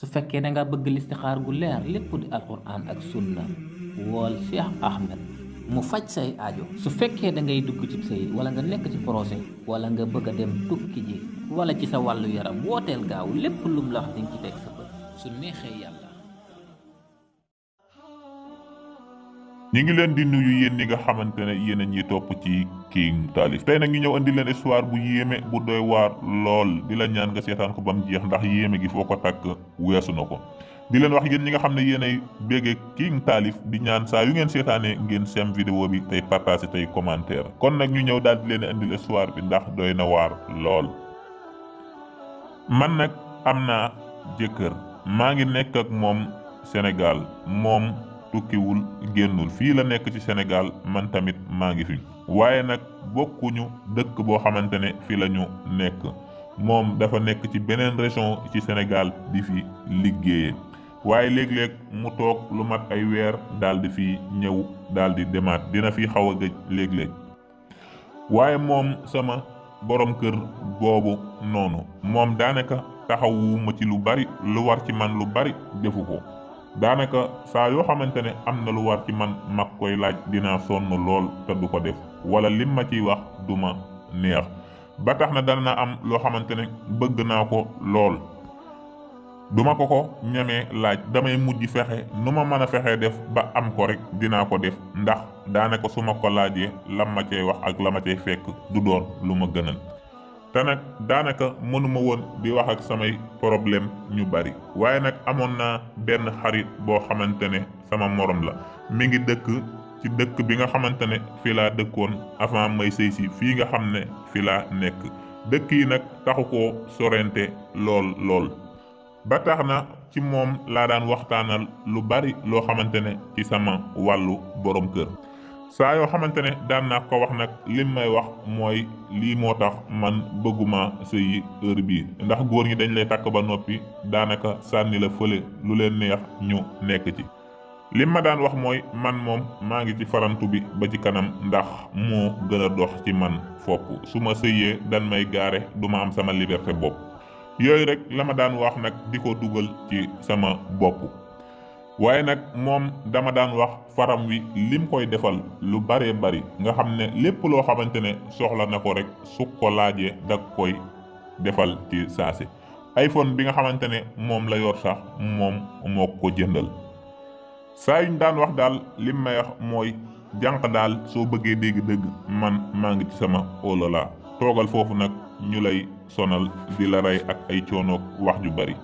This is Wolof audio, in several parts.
su fekkee da nga bëgg listixaar gu leer lépp di alquran ak sunna wool Cheikh Ahmed mu faj say aajo su fekkee da ngay dugg ci sëy wala nga nekk ci projet wala nga bëgg a dem tukki ji wala ci sa wàllu yaram wooteel gaaw lépp lum la wax di ci teg sa bët su neexee yàlla ñu ngi leen di nuyu yéen ñi nga xamante ne yéen a ñuy topp ci King Taalif tey nag ñu ñëw indi leen histoire bu yéeme bu doy waar lool di la ñaan nga seetaan ko ba mu jeex ndax yéeme gi foo ko takk weesu na ko di leen wax yéen ñi nga xam ne yéen ay béggee King Taalif di ñaan saa yu ngeen seetaanee ngeen sem vidéo bi tey partage tey commentaire kon nag ñu ñëw daal di leen andil histoire bi ndax doy na waar lool man nag am naa jëkkër maa ngi nekk ak moom Sénégal moom. tukkiwul génnul fii la nekk ci senegaal man tamit maa ngi fi waaye nag bokkuñu dëkk boo xamante ne fii la ñu nekk moom dafa nekk ci beneen région ci Sénégal di fi liggéeye waaye léeg-léeg mu toog lu mat ay weer daldi di fi ñëw daal di demaat dina fi xaw a gëj léeg-léeg waaye moom sama borom kër boobu noonu moom daanaka taxawuma ci lu bari lu war ci man lu bari defu ko daanaka saa yoo xamante ne am na lu war ci man mag koy laaj dinaa sonn lool te du ko def wala lim ma ciy wax du ma neex ba tax na dana am loo xamante ne bëgg naa ko lool duma ko ko ñemee laaj damay mujj fexe nu ma mën a fexe def ba am ko rek dinaa ko def ndax daanaka su ma ko laajee lam ma cee wax ak la ma cay fekk du doon lu ma gënal te nag daanaka mënuma woon bi wax ak samay problème ñu bari waaye nag amoon naa benn xarit boo xamante ne sama morom la mi ngi dëkk ci dëkk bi nga xamante ne fii laa dëkkoon avant may sëy fii nga xam ne fii laa nekk dëkk yi nag taxu ko sorente lool lool ba tax na ci moom laa daan waxtaanal lu bari loo xamante ne ci sama wàllu borom kër saa yoo xamante ne daan naa ko wax nag lim may wax mooy lii moo tax man bëgguma sëyi heure bii ndax góor ñi dañ lay takk ba noppi daanaka sànni la fële lu leen neex ñu nekk ci. lim ma daan wax mooy man moom maa ngi ci farantu bi ba ci kanam ndax moo gën dox ci man fopp su ma sëyee dan may gaare du ma am sama liberte bopp yooyu rek la ma daan wax nag di ko dugal ci sama bopp. waaye nag moom dama daan wax faram wi lim koy defal lu baree bari nga xam ne lépp loo xamante ne soxla na ko rek su ko laajee dag koy defal ci saasi iPhone bi nga xamante ne moom la yor sax moom moo ko jëndal saa yuñ daan wax daal lim may mooy jànq daal soo bëggee dégg dëgg man maa ngi ci sama olola toogal foofu nag ñu lay sonal di la rey ak ay coonoog wax ju bari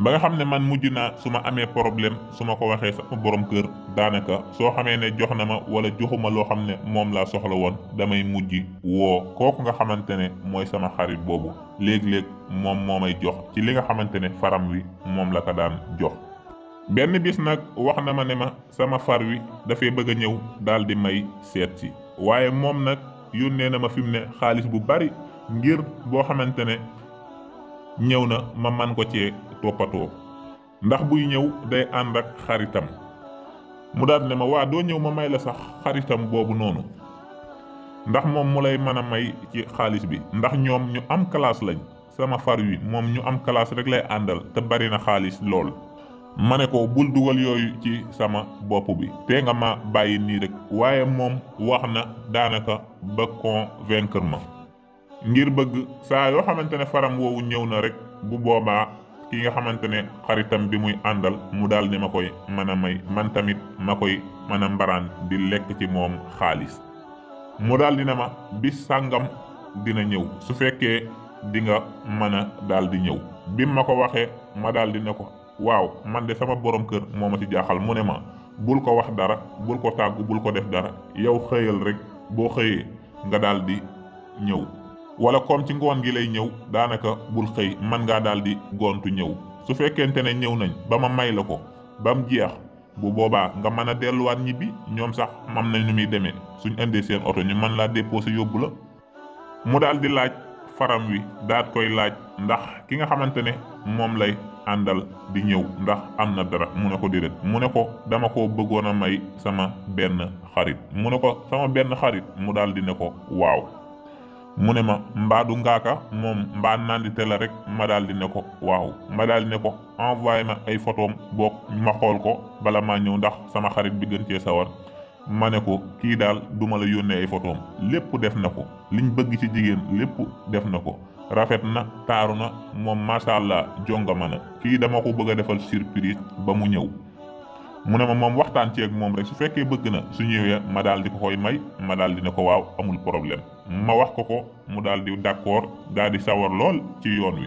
ba nga xam ne man mujj naa su ma amee problème su ma ko waxee sama borom kër daanaka soo xamee ne jox na ma wala joxuma loo xam ne moom laa soxla woon damay mujj woo kooku nga xamante ne mooy sama xarit boobu léeg-léeg moom moo may jox ci li nga xamante ne faram wi moom la ko daan jox. benn bis nag wax na ma ne ma sama far wi dafay bëgg a ñëw daal di may seet si waaye moom nag yónnee na ma fi mu ne xaalis bu bari ngir boo xamante ne ñëw na ma man ko cee. toppatoo ndax buy ñëw day ànd ak xaritam mu daal ne ma waa doo ñëw ma may la sax xaritam boobu noonu ndax moom mu lay mën a may ci xaalis bi ndax ñoom ñu am classe lañ sama far wi moom ñu am classe rek lay àndal te bari na xaalis lool. ma ne ko bul dugal yooyu ci sama bopp bi te nga ma bàyyi nii rek waaye moom wax na daanaka ba convaincre ma ngir bëgg saa xamante ne faram woowu ñëw na rek bu boobaa ki nga xamante ne xaritam bi muy àndal mu daal ne ma koy mën a may man tamit ma koy mën a mbaraan di lekk ci moom xaalis mu daal di ne ma bi sàngam dina ñëw su fekkee dinga nga mën a daal di ñëw bi ma ko waxee ma daal di ne ko waaw man de sama borom kër moo ma ci jaaxal mu ne ma bul ko wax dara bul ko tàggu bul ko def dara yow xëyal rek boo xëyee nga daal di ñëw wala comme ci ngoon gi lay ñëw daanaka bul xëy man ngaa daal di gontu ñëw su fekkente ne ñëw nañ ba ma may la ko ba mu jeex bu boobaa nga mën a delluwaat ñibbi ñoom sax mam nañ nu muy demee suñ indee seen oto ñu mën laa déposé yóbbu la mu daal di laaj faram wi daat koy laaj ndax ki nga xamante ne moom lay àndal di ñëw ndax am na dara mu ne ko déedéet mu ne ko dama koo bëggoon a may sama benn xarit mu ne ko sama benn xarit mu daal di ne ko waaw mu ne ma mbaadu ngaaka moom mbaa nandite la rek ma daal di ne ko waaw ma daal di ne ko envoyé ma ay photoom boog ma xool ko bala maa ñëw ndax sama xarit bi gën cee sawar ma ne ko kii daal duma la yónnee ay photoom lépp def na ko liñ bëgg ci jigéen lépp def na ko rafet na taaru na moom macha allah jongama na kii dama ko bëgg a defal surprise ba mu ñëw mu ne ma moom waxtaan ci ak moom rek su fekkee bëgg na su ñëwee ma daal di ko koy may ma daal di ne ko waaw amul problème ma wax ko ko mu daal di d'accord daal sawar lool ci yoon wi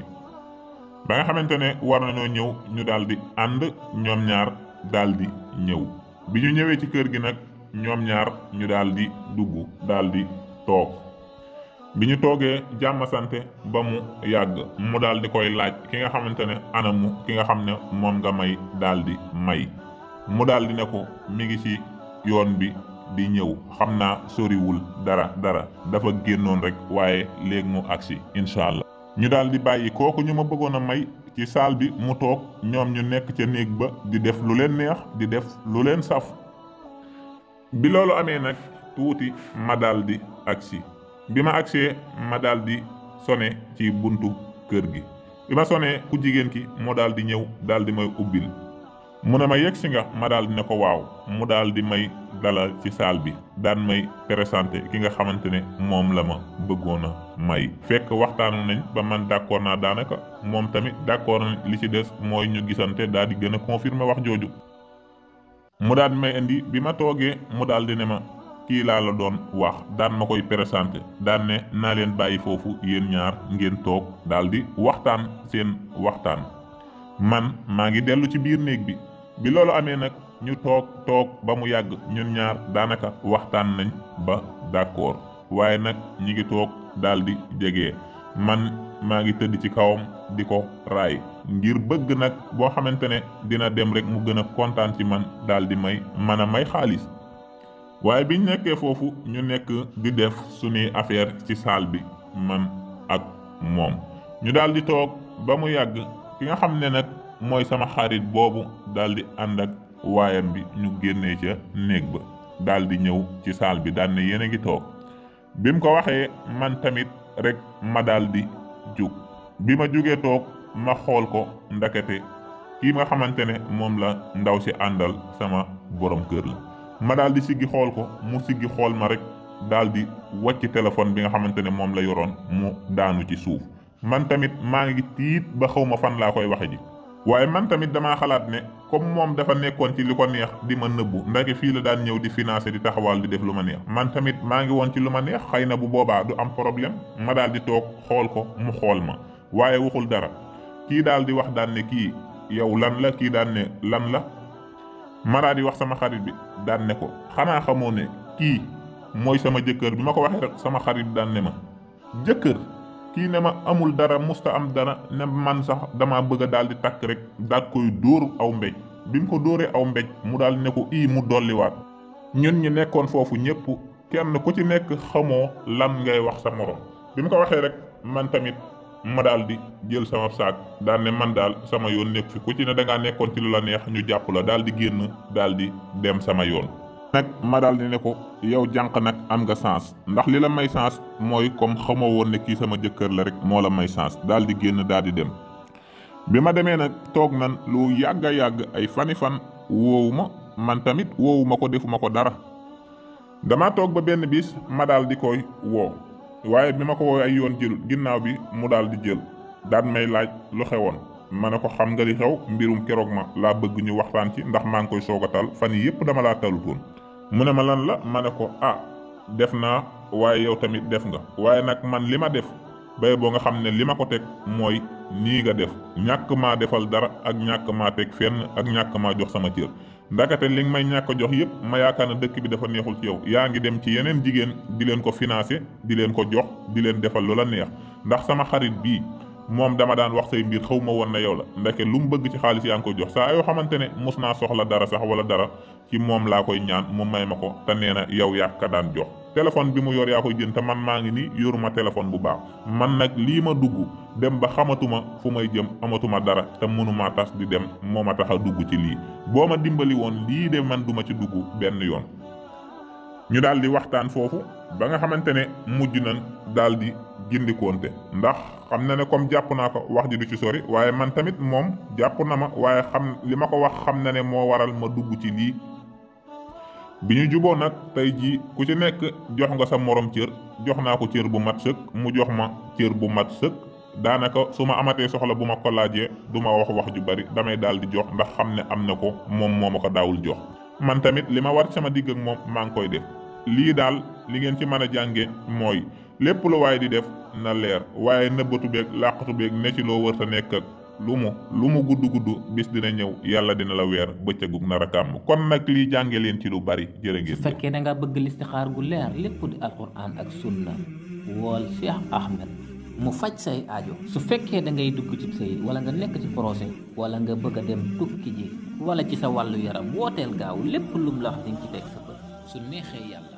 ba nga xamante ne war nañoo ñëw ñu daal ànd ñoom ñaar daal di ñëw bi ñu ñëwee ci kër gi nag ñoom ñaar ñu daal dugg daal di toog bi ñu toogee jàmm ba mu yàgg mu daldi koy laaj ki nga xamante ne anamu ki nga xam ne moom nga may daal may mu daal ne ko mi ngi ci yoon bi di ñëw xam naa soriwul dara dara dafa génnoon rek waaye léegi mu agsi incha allah. ñu daal di bàyyi kooku ñu ma bëggoon a may ci saal bi mu toog ñoom ñu nekk ca néeg ba di def lu leen neex di def lu leen saf bi loolu amee nag tuuti ma daal di agsi bi ma agsee ma daal di sone ci buntu kër gi bi ma sonee ku jigéen ki moo daal di ñëw daal di may ubbil mu ne ma yegg si nga ma daal di ne ko waaw mu daal di may dalal ci saal bi daan may présenté ki nga xamante ne moom la ma bëggoon a may fekk waxtaan nañ ba man d'accord naa daanaka moom tamit d'accord na li ci des mooy ñu gisante daal di gën a confirmer wax jooju. mu daal di may indi bi ma toogee mu daal di ne ma kii laa la doon wax daan ma koy présenté daan ne naa leen bàyyi foofu yéen ñaar ngeen toog daal di waxtaan seen waxtaan man maa ngi dellu ci biir néeg bi. bi loolu amee nag ñu toog toog ba mu yàgg ñun ñaar daanaka waxtaan nañ ba d'accord waaye nag ñi ngi toog daldi jege man maa ngi tëdd ci kawam di ko raay ngir bëgg nag boo xamante ne dina dem rek mu gën a kontaan ci man daldi may mën a may xaalis waaye biñ nekkee foofu ñu nekk di def suñuy affaire ci saal bi man ak moom ñu daldi toog ba mu yàgg ki nga xam ne nag mooy sama xaarit boobu daal di ànd ak waayam bi ñu génnee ca néeg ba daal di ñëw ci saal bi daan ne yéen a ngi toog bi mu ko waxee man tamit rek ma daal di jug bi ma jugee toog ma xool ko ndakate kii ma xamante ne moom la ndaw si àndal sama borom kër la ma daal di siggi xool ko mu siggi xool ma rek daal di wàcc téléphone bi nga xamante ne moom la yoroon mu daanu ci suuf man tamit maa ngi tiit ba xaw fan laa koy waxe ji waaye man tamit damaa xalaat ne comme moom dafa nekkoon ci li ko neex di ma nëbbu ndake fii la daan ñëw di financé di taxawal di def lu ma neex man tamit maa ngi woon ci lu ma neex xay na bu boobaa du am problème ma daal di toog xool ko mu xool ma waaye waxul dara kii daal di wax daan ne kii yow lan la kii daan ne lan la maraat di wax sama xarit bi daan ne ko xanaa xamoo ne kii mooy sama jëkkër bi ma ko waxee sama xarit daan ne ma jëkkër kii ne ma amul dara musta am dara ne man sax dama bëgg a daal di takk rek daat koy dóor aw mbéj bi mu ko dóoree aw mbéj mu daal ne ko ii mu dolliwaat ñun ñi nekkoon foofu ñëpp kenn ku ci nekk xamoo lan ngay wax sa morom bi mu ko waxee rek man tamit ma daal di jël sama saak daal ne man daal sama yoon nekk fi ku ci ne dangaa nekkoon ci lu la neex ñu jàpp la daal di génn daal di dem sama yoon nag ma daal di ne ko yow jànq nag am nga sens ndax li la may sens mooy comme xamoo woon ne kii sama jëkkër la rek moo la may sens daal di génn daal di dem. bi ma demee nag toog nan lu yàgg a yàgg ay fani fan woowu ma man tamit woowu ma ko defu ma ko dara dama toog ba benn bis ma daal di koy woo waaye bi ma ko woo ay yoon jël ginnaaw bi mu daal di jël daan may laaj loxe xewoon ma ne ko xam nga li xew mbirum keroog ma laa bëgg ñu waxtaan ci ndax maa ngi koy soogatal fan yii yëpp dama laa talutoon mu ne ma lan la ma ne ko ah def naa waaye yow tamit def nga waaye nag man li ma def bay boo nga xam ne li ma ko teg mooy nii nga def ñàkk maa defal dara ak ñàkk maa teg fenn ak ñàkk maa jox sama cër ndakate li may ñàkk jox yëpp ma yaakaar ne dëkk bi dafa neexul ci yow yaa ngi dem ci yeneen jigéen di leen ko financé di leen ko jox di leen defal loola neex ndax sama xarit bii moom dama daan wax say mbir xaw ma woon na yow la ndeke lu mu bëgg ci xaalis yaa ngi ko jox saa yoo xamante ne mos naa soxla dara sax wala dara ci moom laa koy ñaan mu may ma ko te nee na yow yaa ka daan jox. téléphone bi mu yor yaa koy jënd te man maa ngi ni yoruma téléphone bu baax man nag lii ma dugg dem ba xamatuma fu may jëm amatuma dara te mënuma tas di dem moo ma tax a dugg ci lii boo ma dimbali woon lii de man duma ci dugg benn yoon. ñu daal di waxtaan foofu ba nga xamante ne mujj nañ daal di gindikoonte ndax xam na ne comme jàpp naa ko wax ji du ci sori waaye man tamit moom jàpp na ma waaye xam li ma ko wax xam na ne moo waral ma dugg ci lii bi ñu juboo nag tey jii ku ci nekk jox nga sa morom cër jox naa ko cër bu mat sëkk mu jox ma cër bu mat sëkk daanaka su ma amatee soxla bu ma ko laajee du ma wax wax ju bari damay daal di jox ndax xam ne am na ko moom moo ma ko daawul jox man tamit li ma war sama digg ak moom maa koy def lii daal li ngeen ci mën a jànge mooy lépp lu waaye di def na leer waaye nëbbatu beeg làqatu beeg ne ci loo wër nekk ak lu mu lu mu gudd gudd bis dina ñëw yàlla dina la weer bëccëgug nar a kon nag lii jànge leen ci lu bari jërë ngeen. su fekkee da nga bëgg listixaar gu leer lépp di alquran ak sunna wool Cheikh Ahmed. mu faj say aajo su fekkee da ngay dugg ci say wala nga nekk ci projet wala nga bëgg a dem tukki ji wala ci sa wàllu yaram wooteel gaaw lépp lum la wax dañ ci teg sa bët su neexee yàlla